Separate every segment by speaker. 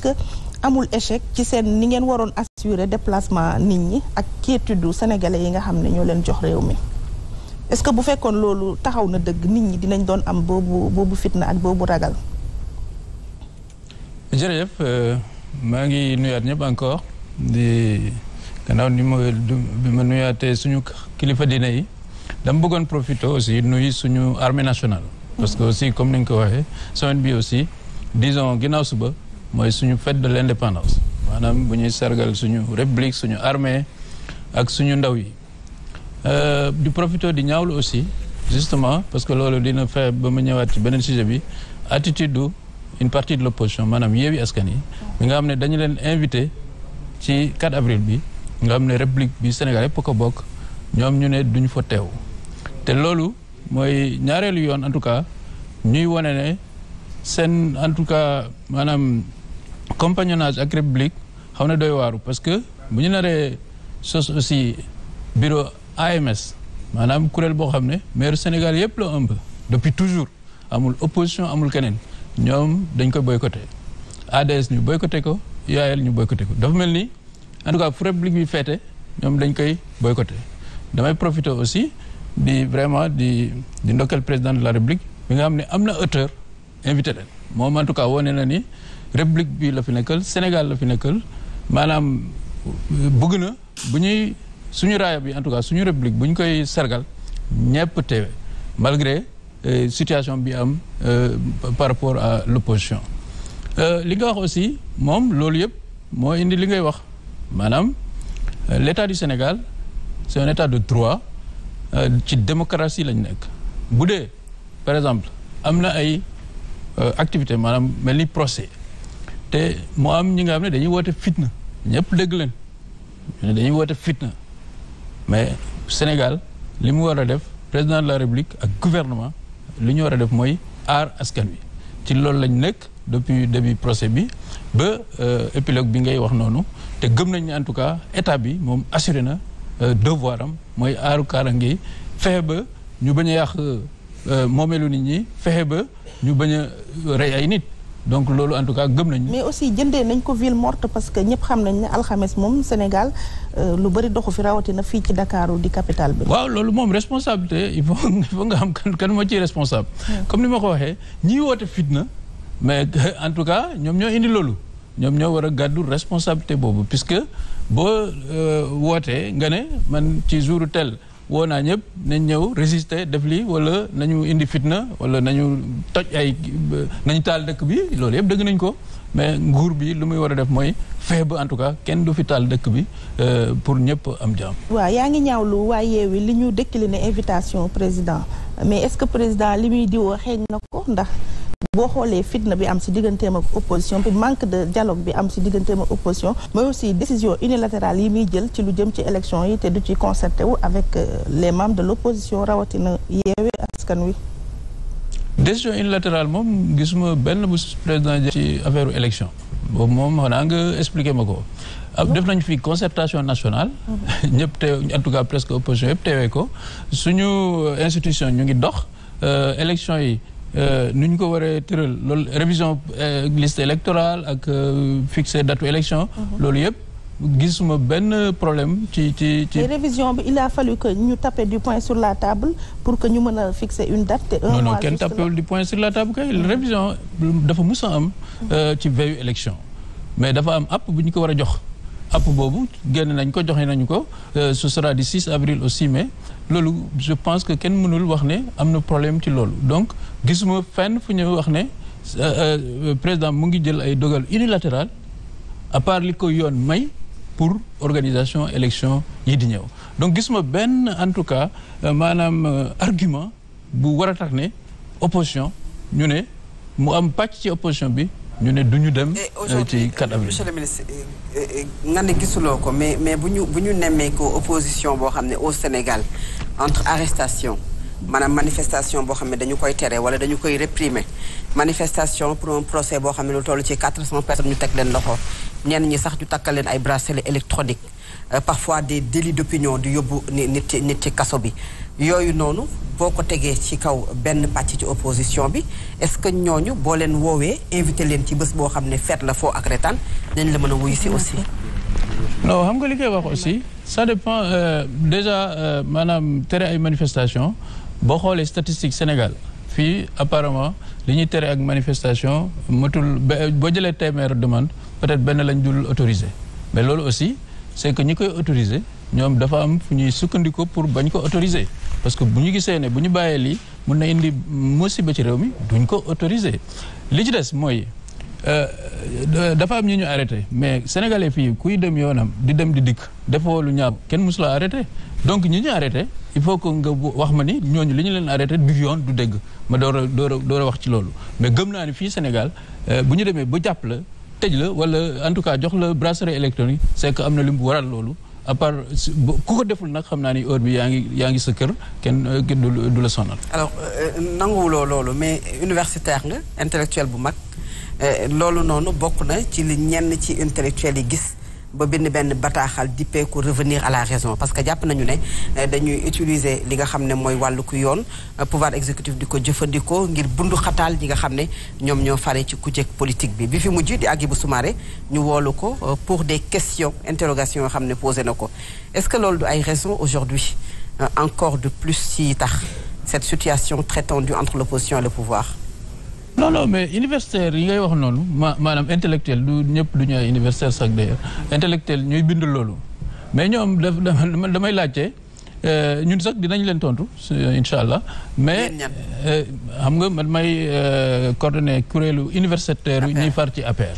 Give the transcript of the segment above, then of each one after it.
Speaker 1: que amul échec ci seen ni ngeen waroon assurer déplacement nit ñi ak du sénégalais yi nga xam ne ñoo leen jox réew mi est-ce que bu fekkoon loolu taxaw na dëgg nit ñi dinañ doon am boobu boobu fitna ak boobu ragal.
Speaker 2: jërëjëf euh, maa ngi nuyaat ñëpp encore di gannaaw ni ma bi ma nuyaatee suñu kilifa diine yi dama bëggoon profité aussi nuyu suñu armée nationale. parce que aussi comme ni nga ko waxee semaine bi aussi disons ginnaaw suba. mooy suñu fête de l' indépendance maanaam bu ñuy sargal suñu république suñu armée ak suñu ndaw yi euh, di profité di ñaawlu aussi justement parce que loolu dina fexe ba mu ñëwaat ci beneen sujet bi attitude du une partie de l' opposition maanaam Yewwi Askan Wi bi nga xam ne dañu leen invité ci 4 avril bi nga xam ne république bi Sénégal yëpp bokk ñoom ñu ne duñu fa teew te loolu mooy ñaareelu yoon en tout cas ñuy wone ne seen en tout cas maanaam compagnonnage ak république xaw na doy waaru parce que bu ñu naree sos aussi bureau AMS maanaam kuréel boo xam ne maire Sénégal yëpp la ëmb depuis toujours amul opposition amul keneen ñoom dañ ko boycotté ADS ñu boycotté ko UAL ñu boycotté ko dafa mel ni en tout cas fu république bi feete ñoom dañ koy boycotté damay profité aussi di vraiment di di ndokkal président de la république bi nga xam ne am na hauteur invité leen moom en tout cas wone na ni république bi la fi nekkal Sénégal la fi nekkal maanaam bëgg na bu ñuy suñu raaya bi en tout cas suñu république bu ñu koy sergal ñëpp teewe malgré euh, situation bi am euh, par rapport à l'opposition euh, li nga wax aussi moom loolu yëpp moo indi li ngay wax maanaam l'état du Sénégal c'est un état de droit ci démocratie lañ nekk bu dee par exemple am na ay activité maanaam mel ni procès te mu am ñi nga xam ne dañuy woote fitna ñëpp dégg leen ñu ne dañuy woote fitna mais Sénégal li mu war a def président de la République ak gouvernement li ñu war a def mooy aar askan wi ci loolu lañu nekk depuis début procès bi ba euh, épilogue bi ngay wax noonu te gëm nañ ne en tout cas état bi moom assuré na euh, devoir am mooy aaru kaaraange ngi fexe ba ñu bañ a yàq euh, moomeelu nit ñi fexe ba ñu bañ a rey ay nit donc loolu en tout cas gëm nañu. mais
Speaker 1: aussi jëndee nañ ko ville morte parce que ñëpp xam nañ ne alxames moom Sénégal euh, lu bëri doxu fi rawatina fii ci Dakaaru di capital bi. waaw
Speaker 2: loolu moom responsabilité il il faut nga xam kan moo ci responsable. comme ni ma ko waxee ñiy woote fitna mais en tout cas ñoom ñoo indi loolu ñoom ñoo war a gàddu responsabilité boobu puisque boo euh, wootee nga ne man ci jour tel. woo naa ñëpp nañ ñëw résister def li wala nañu indi fitna wala nañu toj ay nañu taal dëkk bi loolu yëpp dëgg nañ ko mais nguur bi lu muy war a def mooy fexe ba en tout cas kenn du fi taal dëkk bi euh, pour ñëpp am jàmm.
Speaker 1: waa yaa ngi ñaawlu waa Yewwi li ñu décliné invitation président mais est-ce que président li muy diwoo xeeñ na ko ndax. boo xoolee fitna bi am si digganteem ak opposition bi manque de dialogue bi am si digganteem ak opposition mais aussi décision unilatérale yi muy jël ci lu jëm ci élection yi te du ci concerté wu avec euh, les membres de l' opposition rawatina yeewe askan wi
Speaker 2: décision unilatérale moom gisuma benn bu président ci affaire élection boobu moom xanaa nga expliqué ma ko def nañu fi concertation nationale mm-hmm. ñëpp teew en tout cas presque opposition yëpp teewee ko suñu euh, institution ñu ngi dox euh, élection yi Euh, nu ñu ko waree tëral loolu révision euh, liste électorale ak euh, fixer date élection mhm. loolu yëpp suma benn problème ci ci ci.
Speaker 1: révision bi il a fallu que ñu taper du poing sur la table pour que ñu mën a fixer une date. te un mois non
Speaker 2: sur la table kay. Mhm. révision dafa mus a am. ci veille élection mais dafa am app bu ñu ko war a jox. app boobu génn nañ ko joxe nañu ko euh, ce sera du 6 avril au mais loolu je pense que kenn mënul wax ne am na problème ci loolu donc gisuma fenn fu ñu wax ne euh, euh, président mu ngi jël ay dogal unilatéral à part li ko yoon may pour organisation élection yi di ñëw donc gis ma benn en tout cas maanaam argument bu war a tax ne opposition ñu ne mu am pàcc ci opposition bi ñu ne du ñu dem. Euh, ci
Speaker 3: 4 avril monsieur euh, euh, nga ne gisuloo ko mais mais bu ñu bu ñu nemmee ko opposition boo xam ne au Sénégal entre arrestation maanaam manifestation boo xam ne dañu koy tere wala dañu koy réprimer manifestation pour un procès boo xam ne lu tollu ci quatre 400 personnes ñu teg leen loxo ñenn ñi sax ñu takkal leen ay bracelet électronique parfois des délits d'opinion di yóbbu nit ci nit ci kaso bi. yooyu noonu boo ko tegee ci kaw benn pàcc ci opposition bi est-ce que ñooñu boo leen woowee invité leen ci bés boo xam ne feet la foo ak retaan dañ la mën a wuyu si aussi
Speaker 2: non xam nga li koy wax aussi ça dépend euh, déjà euh, maanaam tere ay manifestation boo xoolee statistique Sénégal fii apparemment li ñuy tere ak manifestation matul boo jëlee téeméer demande peut-être benn lañ dul autorisé mais loolu aussi c'est que ñi koy autorisé ñoom dafa am fu ñuy sukkandiku pour bañ ko autorisé parce que bu ñu gisee ne bu ñu bàyyee lii mun na indi musiba ci réew mi duñ ko autoriser li ci des mooy euh, dafa am ñu ñu arrêté mais sénégalais fii kuy dem yoonam di dem di dikk defoo lu ñaaw kenn musula arrêté donc ñi ñu arrêté il faut que nga wax ma ni ñooñu li ñu leen arrêté du yoon du dégg ma door a door a wax ci loolu mais gëm naa ni fii Sénégal euh, bu ñu demee ba jàpp la tëj la wala en tout cas jox la bracelet électronique c'est que am na li mu waral loolu à part ku ko deful nag xam naa ni heure bi yaa ngi yaa ngi sa kër kenn du la sonal.
Speaker 3: alors euh, nanguwuloo loolu mais universitaire nga intellectuel bu mag euh, loolu noonu bokk na ci li ñenn ci intellectuel yi gis. ba bind benn bataaxal dippeeku revenir à la raison parce que jàpp nañu ne eh, dañuy utiliser li nga xam ne mooy wàllu ku yoon eh, pouvoir exécutif di ko jëfandikoo ngir bundu xataal ñi nga xam ne ñoom ñoo fare ci kujeg politique bi bi fi mujj di Hadjibou Soumaré ñu woolu ko eh, pour des questions interrogations yoo xam ne posé na ko est-ce que loolu du ay raison aujourd'hui encore de plus ci tax cette situation très tendue entre l'opposition et le pouvoir
Speaker 2: non mais universitaire yi ngay wax noonu ma maanaam intellectuel du ñëpp du ñu ay universitaire sax d'ailleurs intellectuel ñuy bind loolu mais ñoom daf damay laajte euh, ñun sax dinañ leen tontu incha allah mais euh, xam nga man may euh, coordonné kuréelu universitaire yi ñuy far ci APR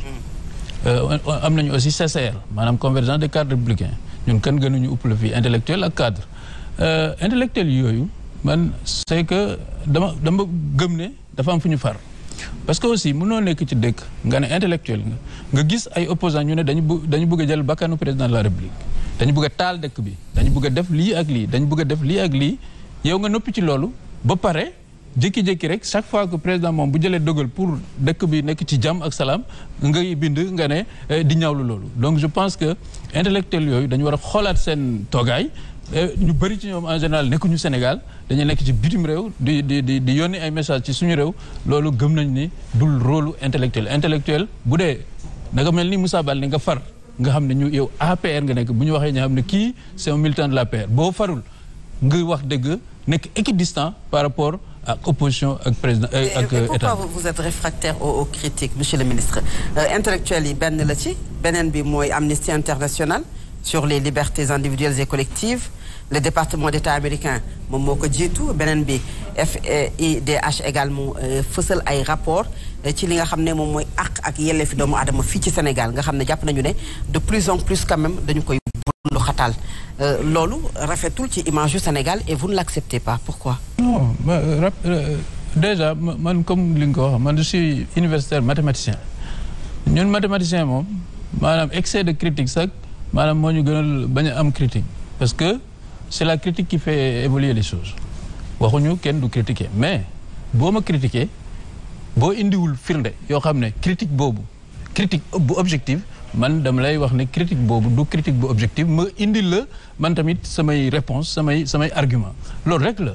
Speaker 2: am nañu aussi CCR maanaam convergence des cadres républicains ñun kan gënuñu uppale fii intellectuel ak cadre intellectuel yooyu man c'est que dama dama gëm ne dafa am fu ñu far parce que aussi mënoo nekk ci dëkk nga ne intellectuel nga nga gis ay opposants ñu ne dañu dañu bëgg jël bakkanu président de la république dañu bëgg a taal dëkk bi dañu bëgg def lii ak lii dañu bëgg a def lii ak lii yow nga noppi ci loolu ba pare jékki-jékki rek chaque fois que président moom bu jëlee dogal pour dëkk bi nekk ci jàmm ak salaam ngay bind nga ne eh, di ñaawlu loolu donc je pense que intellectuel yooyu dañu war a xoolaat seen toogaay ñu bëri ci ñoom en général nekkuñu Sénégal dañu nekk ci bitim réew di di di di yónni ay message ci suñu réew loolu gëm nañ ni dul rôle intellectuel intellectuel bu dee da nga mel ni Moussa ni nga far nga xam ne ñu yow APR nga nekk bu ñu waxee ñu xam ne kii c'est un militant de l'APR boo farul nga wax dëgg nekk équidistant par rapport ak opposition ak président euh, ak état pourquoi
Speaker 3: vous êtes monsieur le ministre euh, intellectuel yi benn la ci beneen bi mooy Amnesty International sur les libertés individuelles et collectives le département d'état américain moom moo ko jiitu beneen bi FIDH e également euh, fësal ay rapport euh, ci li nga xam ne moom mooy àq ak yelleefi doomu adama fii ci Sénégal nga xam ne jàpp nañu ne de plus en plus quand même dañu koy bundu xatal euh, loolu rafetul ci image yu Sénégal et vous ne l'acceptez pas pourquoi
Speaker 2: non déjà man comme li nga ko wax man je suis universitaire mathématicien ñun mathématicien moom maanaam excès de critique sax maanaam moo ñu gënal bañ a am critique parce que c'est la critique qui fait évoluer les choses waxuñu kenn du critiquer mais boo ma critiquer boo indiwul firnde yoo xam ne critique boobu critique bu objectif man dama lay wax ne critique boobu du critique bu objective ma indil la man tamit samay réponse samay samay argument loolu rek la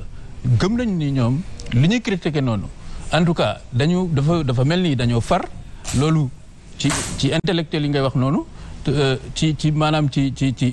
Speaker 2: gëm nañ ni ñoom li ñuy critiquer noonu en tout cas dañu dafa dafa mel nii dañoo far loolu ci ci intellectuel yi ngay wax noonu Euh, ci ci maanaam ci ci ci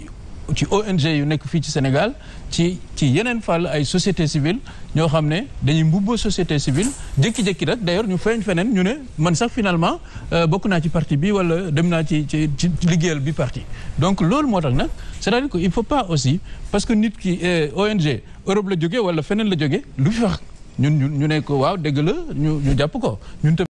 Speaker 2: ci ONG yu nekk fii ci Sénégal ci ci yeneen fàll ay société civile ñoo xam ne dañuy mbubboo société civile jékki-jékki rek d'ailleurs ñu feeñ feneen ñu ne man sax finalement euh, bokk naa ci parti bi wala dem naa ci ci ci liggéeyal bi parti donc loolu moo tax nag c'est-à-dire que il faut pas aussi parce que nit ki euh, ONG Europe la jóge wala feneen la jóge lu fi wax ñun ñu ne ko waaw dégg la ñu ñu jàpp ko ñun tamit